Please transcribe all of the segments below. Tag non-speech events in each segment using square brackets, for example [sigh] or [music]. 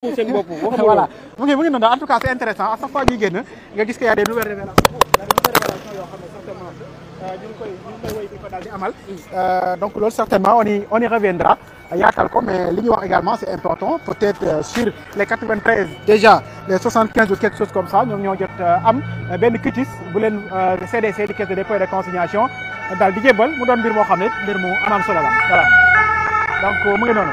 seen [laughs] mu ngi mu ngi noonu en tout cas c'est intéressant à chaque fois nga gis que a des nouvelles euh, ngi koy ñu ngi koy wéy euh, donc loolu certainement on y on li ñuy wax également c'est important peut-être euh, sur les 93 déjà les 75 ou quelque chose comme ça ñoom ñoo jot am benn kitis bu leen CDC di caisse de dépôt et de consignation daal di jébbal mu doon mbir moo xam ne mbir mu am am solo la donc mu ngi noonu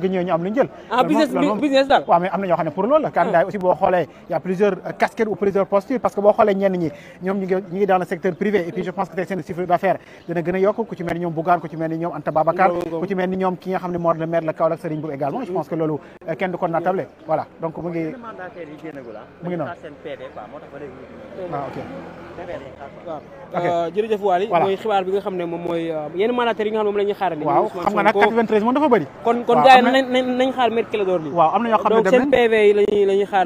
gi ñëwee am lu ñu jël ah, business am na ñoo pour loolu la candidat ah. aussi boo xoolee y plusieurs casquettes ou plusieurs postures parce que boo xoolee ñenn ñi ñoom ñu ngi dans le secteur privé et je pense que tey seen chiffre d'affaires dina gën yokk ku ci mel ñoom Bougane ku ci mel ñoom Anta Babacar ku ci mel ñoom ki xam ne moo le maire la Kaolack Serigne Bour également je pense que loolu euh, kenn du ko natable donc mu ngi ah. mu ngi noonu waaw euh, jërëjëf Waly mooy xibaar bi nga xam ne moom mooy euh, yenn mandataires yi nga xam moom la ñuy moom dafa bëri kon kon gars xam ne donc seen PV yi a ah,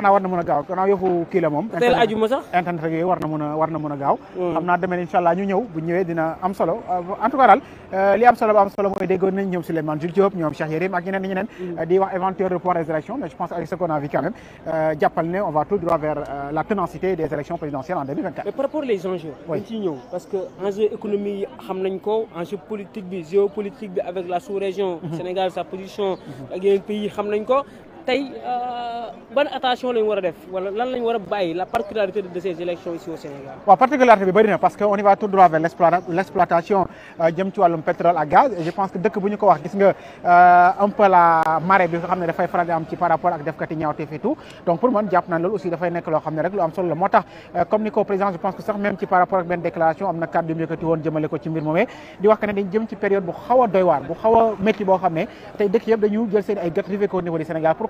na mën a gaaw gannaaw yëfu kii la moom teel ajuma sax internet yooyu war na mën a war a gaaw hmm. xam naa demee incha allah ñu ñëw bu ñëwee dina am solo euh, en tout cas daal li am solo ba am solo nañ ñoom Souleymane Jules Diop ñoom Cheikh Yérim ñeneen ñeneen hmm. di wax éventuel report des élections mais je pense a vu proximité des élections présidentielles en mais par rapport les enjeux. oui parce que enjeu économie yi xam nañ ko politique bi géopolitique avec la sous-région. Mhm. Sénégal sa position. Mhm. ak yeneen pays yi ko. tey euh, ban attention lañ war def wala lan lañ war la particularité de ces élections ici au Sénégal. waaw particularité bi bëri parce que on y va tout droit vers l' exploitation euh, jëm ci wàllum pétrole ak gaz et je euh, ci par rapport ak defkati ñaawteef et tout donc pour man jàpp naa loolu aussi dafay nekk loo xam ne rek lu am solo moo tax comme ni ko président je pense que sax même ci par rapport ak benn déclaration am na kàddu yu mu yëkkati woon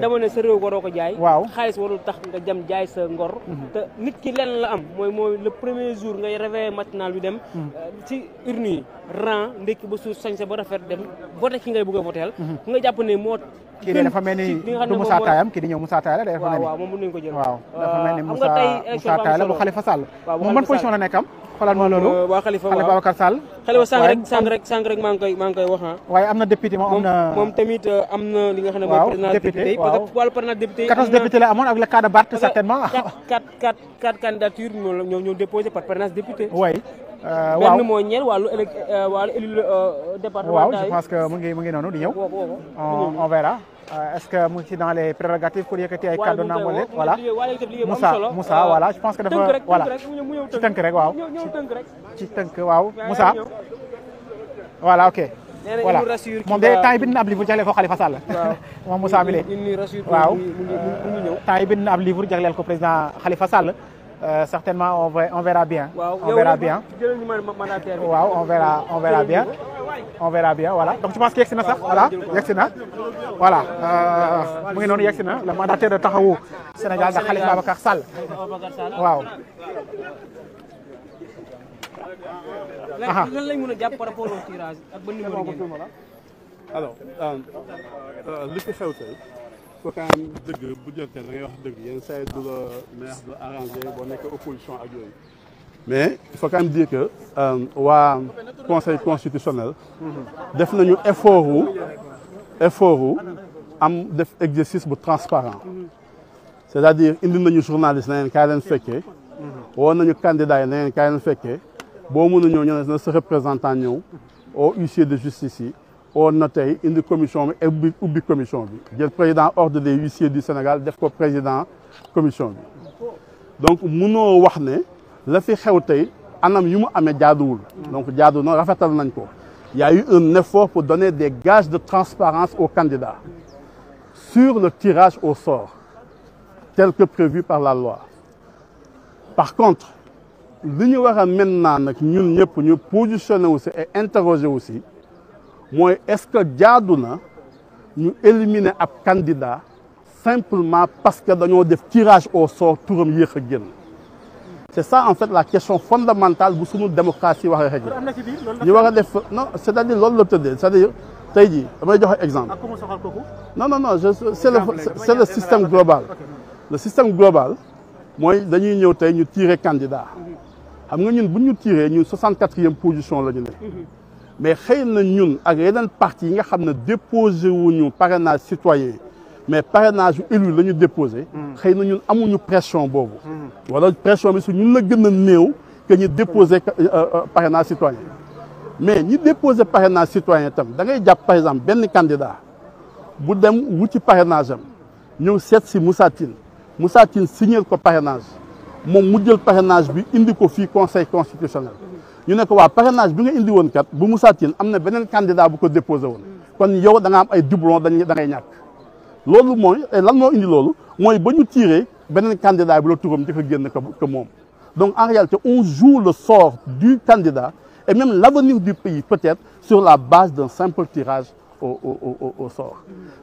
dama ne sa réew waroo ko jaay waaw xaalis warul tax nga jam jaay sa ngor mhm. te nit ki lenn la am mooy mooy le premier jour ngay réveil matinal bi dem mhm. euh, ci urne yi ran ndékki ba suur sañse ba rafet dem boo vote ki ngay bëgg a voteel mhm. nga jàpp ne moo kii de dafa mel ni du Moussa Taye am kii di ñëw waaw moom nañ moom ban position la nekk am ma loolu euh, waa waaw Babacar Sall Khalifa sànq rek sànq rek maa ngi koy maa ah. waaye am na député moom euh, am na député yi parce que wàllu président la amoon ak certainement quatre quatre quatre candidatures ñoo déposé par président député Euh, waaw benn moo ñeel wàllu élec euh, euh, je pense que mu ngi mu ngi noonu di ñëw. on on est-ce que mu si ci dans les prérogatives pour yëkkati ay kàddu naa moo leen voilà Moussa Moussa je pense que dafa voilà ci tënk rek waaw ci tënk waaw Moussa voilà de temps yi na ab livre jagleel ko Khalifa Sall [laughs] moom Moussa mi waaw temps yi ab livre jagleel ko président Khalifa Sall Euh, certainement on va on verra bien. on verra bien. on verra on on verra bien voilà donc je pense que yegsi na sax voilà yegsi na. voilà euh, mu ngi noonu yegsi na le mandataire de taxawu Sénégal da Khalifa Ababacar Sall waaw. lan Bougane dëgg bu jotee da ngay wax dëgg yenn saa ak yooyu mais il faut quand même dire euh, waa euh, conseil def nañu effort wu am def exercice bu transparent cest à di indi nañu journaliste na ngeen kaay leen fekkee woo nañu candidat yi na ngeen kaay boo mën na sa représentant ñëw au huissier de justice yi woon na tey indi commission bi ubbi ubbi commission bi jël président ordre des huissiers du Sénégal def ko président commission bi donc munoo wax ne la fi xew tey anam yi mu amee jaaduwul donc jaadu na rafetal nañ ko y a eu un effort pour donner des gages de transparence aux candidats sur le tirage au sort tel que prévu par la loi par contre li ñu war a maintenant nag ñun ñëpp ñu positionné aussi et interrogé aussi mooy est-ce que jaadu na ñu éliminer ab candidat simplement parce que dañoo def tirage au sort turam yéex a génn c'est ça en fait la question fondamentale bu sunu démocratie war a régler ñu war a def non c'est-à-dire loolu la tëddee c'est-à-dire tey jii damay joxe exemple ah, non no non je c'est le c'est le système global le système global mooy dañuy ñëw tey ñu tirer candidat mhm. xam nga ñun bu ñu tiré ñun 64e position la ñu ne mhm. mais xëy na ñun ak yeneen parti yi nga xam ne déposé wuñu parrainage citoyen mais parrainage yu élu la ñu déposé. Hmm. xëy na ñun amuñu pression boobu. Hmm. wala pression bi su ñun la gën a néew que ñu déposé hmm. euh, euh, parrainage citoyen mais ñu déposé parrainage citoyen tam da ngay jàpp par exemple benn candidat bu dem wuti parrainage am ñëw seet si Moussa Tine Moussa Tine signé ko parrainage moom mu jël parrainage bi indi ko fii conseil constitutionnel. ñu ne ko waa parrainage bi nga indi woon kat bu Moussa Tine am na beneen candidat bu ko déposé woon kon yow da am ay doublon dañ da ngay ñàkk loolu mooy eh, lan moo indi loolu mooy ba ñu tiré beneen candidat bi la turam njëkk a génn que moom donc en réalité on jour le sort du candidat et même l'avenir du pays peut-être sur la base d'un simple tirage au au au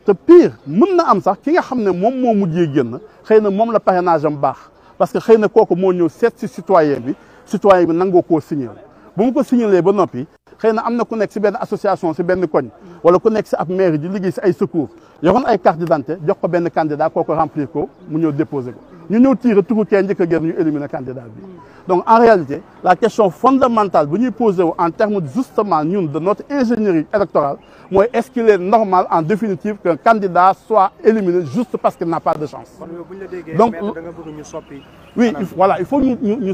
te pire mën na am sax ki nga xam ne moom moo mu mujjee génn xëy na moom la parrainage am baax parce que xëy na kooku moo ñëw seet si citoyen bi citoyen bi nangoo koo signé bu mu ko signaler ba noppi xëy na am na ku nekk si benn association si benn koñ wala ku nekk si ab maire di liggéey si ay secours yoroon ay carte d'identité jox ko benn candidat kooku remplir ko mu ñëw déposer ko ñu ñëw tiire turu kee njëkk a gër ñu éliminer candidat bi donc en réalité la question fondamentale bu ñuy posé wu en termes justement ñun de notre ingénierie électorale mooy est-ce qu'il est normal en définitive qu'un candidat soit éliminé juste parce qu'il n'a pas de chance donc oui voilà il faut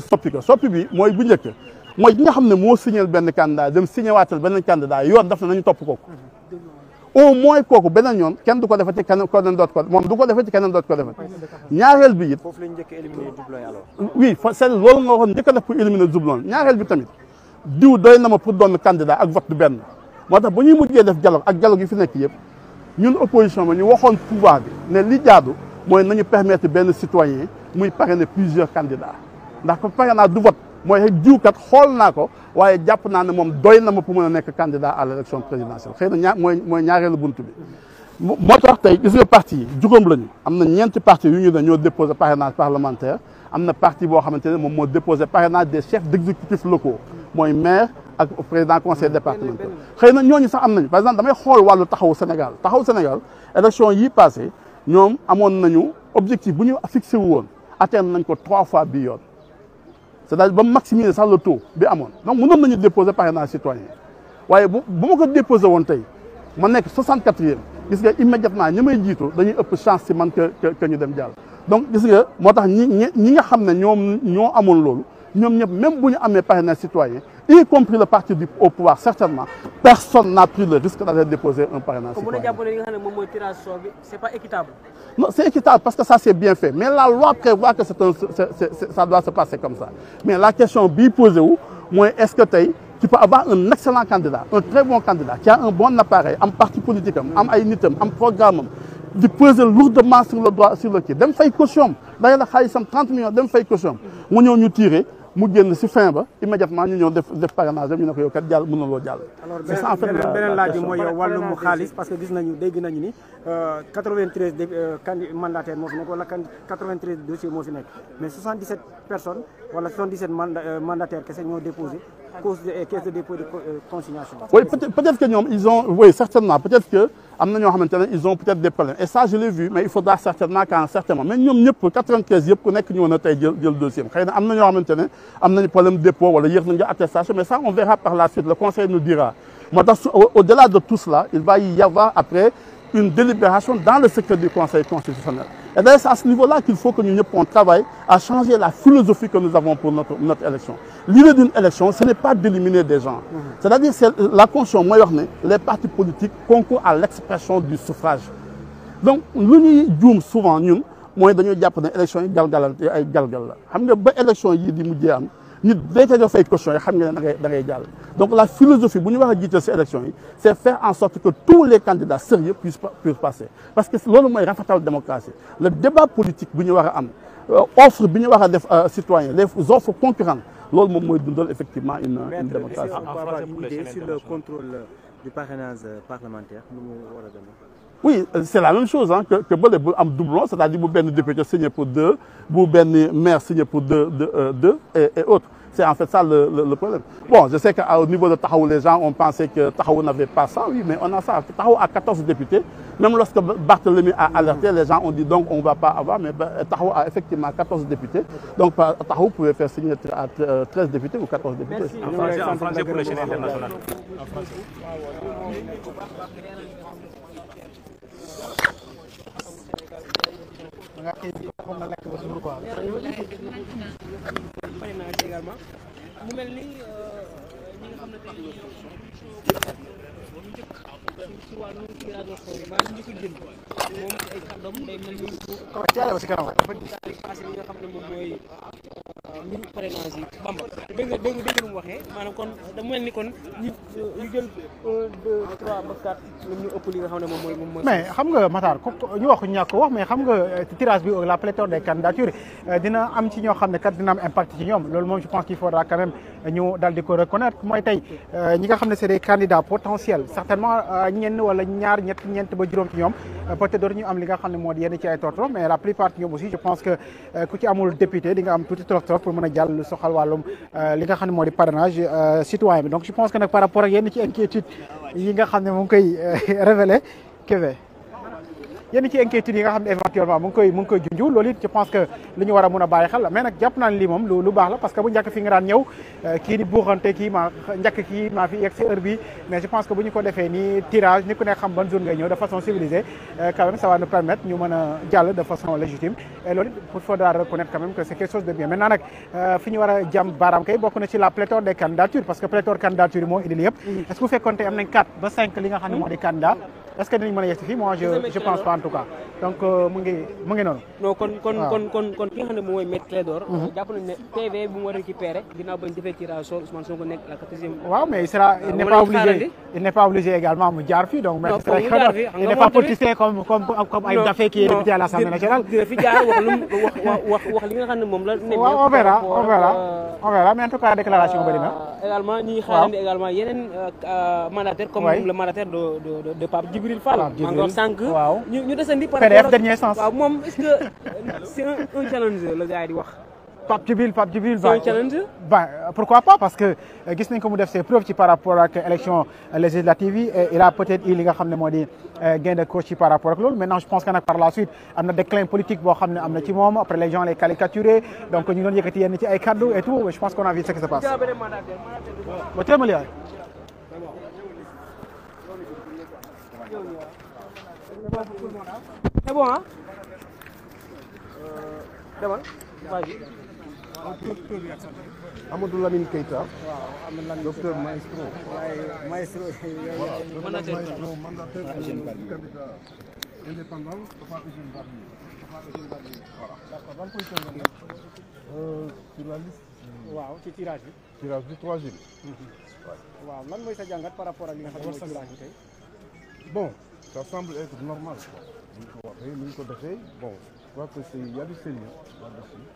soppi ko soppi bi mooy bu njëkk mooy ki nga xam ne moo signal benn candidat dem signé waatal beneen candidat yoon daf na nañu topp kooku mm-hmm. au moins kooku beneen yoon kenn du ko defee ci kenn ko doon doot ko moom du defee ci keneen doot ko defee ñaareel bi it. foofu la ñu njëkk a nga waxoon njëkk a def pour éliminer doublon ñaareel bi diw doy na ma pour doon candidat ak vote du benn moo tax ba ñuy mujjee def dialogue ak dialogue yi fi nekk yëpp ñun opposition bi ñu waxoon pouvoir bi ne li jaadu na nañu permettre benn citoyen muy parrainer plusieurs candidats ndax ko parrainage du vote. mooy kat xool naa ko waaye jàpp naa ne moom doy na ma pour mën a nekk candidat à l' élection présidentielle xëy na ñaar mooy mooy ñaareelu bunt bi. moo tax tey gis nga parti yi lañu am na ñeenti parti yu ñu ne ñoo déposé parrainage parlementaire am na parti boo xamante ne moom moo déposé parrainage des chefs d' exécutifs locaux mooy maire ak président conseil départemental. xëy na ñooñu sax am nañu par exemple damay xool wàllu taxawu Sénégal taxawu Sénégal élection yi passé ñoom amoon nañu objectif bu ñu fixé wu woon atteindre nañ ko trois fois bi yoon. c'est-à-dire ba maximiser sax la taux bi amoon donc mënoon nañu déposer parrainage citoyen waaye bu bu ma ko déposé woon tey ma nekk 64e gis nga immédiatement ñi ma jiitu dañuy ëpp chance si man que ñu dem jàll. donc gis nga moo tax ñi ñi ñi nga xam ne ñoom ñoo amoon loolu. ñoom ñëpp même bu ñu amee parrainage citoyen y compris le parti du pouvoir certainement personne n'a pris le risque d'aller déposer un parrainage citoyen. Non, c'est équitable parce que ça c'est bien fait. Mais la loi prévoit que c'est un, c'est, ça doit se passer comme ça. Mais la question bi posée où, moi, est-ce que tu peux avoir un excellent candidat, bon candidat, qui a un bon appareil, un parti politique, un aïnitum, un programme, di peser lourdement sur le droit, sur le pied. Dem fay caution. D'ailleurs, la xaalisam 30 millions, dem fay caution. Mu ñëw ñu mu génn si fin ba immédiatement ñu ñëw def def parrainage ñu ne ko yow kat jàll mën na loo jàll. c'est beneen laaj bi mooy wàllum xaalis parce que gis nañu dégg nañu ni 93 euh, euh, candi mandataire moo fi nekk wala 93 dossier moo fi nekk mais 77 personnes wala 77 euh, mandataire kese ñoo déposé. cause euh, peut-être que ñoom certainement peut-être que am na ñoo ils ont peut-être des problèmes et ça je l'ai vu mais il faudra certainement qu'à un mais ñoom ñëpp 95 yëpp ku nekk ñëw na tey jël jël dossier xëy na am na ñoo xamante ne am nañu problème dépôt wala yéex attestation mais ça on verra par la suite le conseil nous dira moo tax au-delà de tout cela il va y avoir après une délibération dans Et eh d'ailleurs, c'est à ce niveau-là qu'il faut que nous, nous travaille à changer la philosophie que nous avons pour notre, notre élection. L'idée d'une élection, ce n'est pas d'éliminer des gens. Mm -hmm. C'est-à-dire que la conscience moyenne, les partis politiques concourent à l'expression du suffrage. Donc, nous disons souvent, nous, nous avons dit que l'élection est galgalante. Nous avons dit que l'élection est galgalante. nit day jox say question yi xam nga ne da donc la philosophie bu ñu war a jiital si élection yi c' est faire en sorte que tous les candidats sérieux puissent passer parce que loolu mooy rafetal démocratie le débat politique bu a am euh, offre bi ñu euh, citoyen les offres concurrentes loolu moom mooy dundal effectivement une une démocratie. en le contrôle du parrainage euh, parlementaire nu mu war a demee oui euh, c' est la même chose ah que que bële bu am doublon c' à dire bu député signé pour deux bu benn maire pour deux euh, et autres c' en fait ça le problème bon je sais que au niveau de Taxawu les gens ont pensé que Taxawu n'avait pas ça oui mais on a ça Taxawu a 14 députés même lorsque Barthélemy a alerté les gens ont dit on va pas avoir mais Taxawu a effectivement 14 députés donc euh, Taxawu pouvait faire signer à députés ou 14 nga xëy si foog nga lekk ba suur quoi. bari naa ci également mu mel ni ñi nga xam ne tey ci wàllu ci rajo xool maa ngi njëkk a jënd moom ay kàddoom day mel ni. waaw ci yàlla ba si kanam rek. dafa passé li nga xam ne moom mooy. mbiru parrainage yi Bamba dégg nga dégg nga lu mu waxee maanaam kon dafa mel ni kon ñi ñu xam ne moom mais xam nga Matar ñu wax ñàkk ko wax mais xam nga euh, tirage bi la pléthore des candidatures euh, dina am ci ñoo xam ne kat dina am impact ci ñoom loolu moom je pense qu'il faudra quand même ñu dal di ko mooy tey euh, ñi nga xam ne c'est des candidats potentiels certainement ñenn wala ñaar ñett ñeent ba juróom ci ñoom peut-être dootu ñu am li xam ne moo yenn ci ay torto mais la plupart ci ñoom aussi je pense que ku ci amul député pour mën a jàll lu soxal wàllum euh, li nga xam ne moo di parrainage euh, citoyen bi donc je pense que nag par rapport ak yenn ci inquiétude yi nga xam ne mu ngi koy euh, [laughs] révélé Kébé yenn ci inquiétudes yi nga xam éventuellement mu koy junju loolu je pense que li ñu war mun a bàyyi xel la mais nag jàpp moom lu baax la parce que bu njëkk fi nga daan ñëw euh, kii di buuxante kii maa njëkk kii maa fi yegg si heure bi mais je pense que bu ñu ko defee ni tirage ni ku nekk xam ban zone ngay ñëw de façon civilisée euh, quand même ça va ñu mën jàll de façon légitime et loolu il faudra reconnaître quand même que c'est quelque chose de bien tout cas donc euh, mu ngi mu ngi noonu. non kon kon ah. kon kon kon ki nga xam ne moom mooy Maître Clédor. Mhm. Euh, jàpp nañu ne PV bu mu war a récupérer ginnaaw bañ defee tirage sort Ousmane Sonko nekk la quatrième. waaw mais il sera il ah, n'est pas obligé il n'est pas obligé également mu jaar fii donc. non foofu jaar fii il n'est pas politicien comme comme comme ay Daffé qui est député à l'Assemblée nationale. dina fi jaar [laughs] wax wax wax li nga xam ne moom la. waaw on verra on verra on verra mais en tout cas déclaration bëri na. Euh, également ñi xaarandi également yeneen mandataire comme le mandataire de de de Pape Djibril Fall. Pape Djibril waaw ñu dernier sens waaw moom est-ce que c'est un un challenge la gars yi di wax. Pape Djibril Pape pourquoi pas parce que euh, gis nañ ko mu def ses preuves ci par rapport ak élection euh, législative yi il a peut-être eu li nga xam ne moo di euh, gain de cause ci par rapport ak loolu maintenant je pense que nag par la suite am na déclin politique boo xam ne am na ci moom après les gens les caricaturés donc ñu ngi je pense qu'on a vu ce qui se passe. C'est bon, hein C'est bon Vas-y. Amadou Lamine Keita. Docteur maestro. Maestro. Mandataire. Mandataire. d'accord ban position ngeen nekk. sur la liste. waaw ci tirage bi. tirage bi 3 waaw lan mooy sa jàngat par rapport ak li nga xam ne mooy tirage bon ça semble être normal quoi. ni ko waxee ni ko defee bon je crois que c'est il y a du sérieux là-dessus.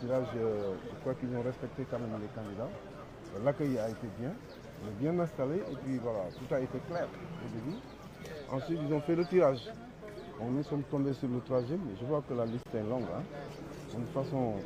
tirage euh, je crois qu'ils ont respecté quand même les candidats. L'accueil a été bien, bien installé et voilà, tout a été clair au début. Ensuite, ils ont fait le tirage. On nous sommes tombés sur le troisième. Je vois que la liste est longue. Hein. De toute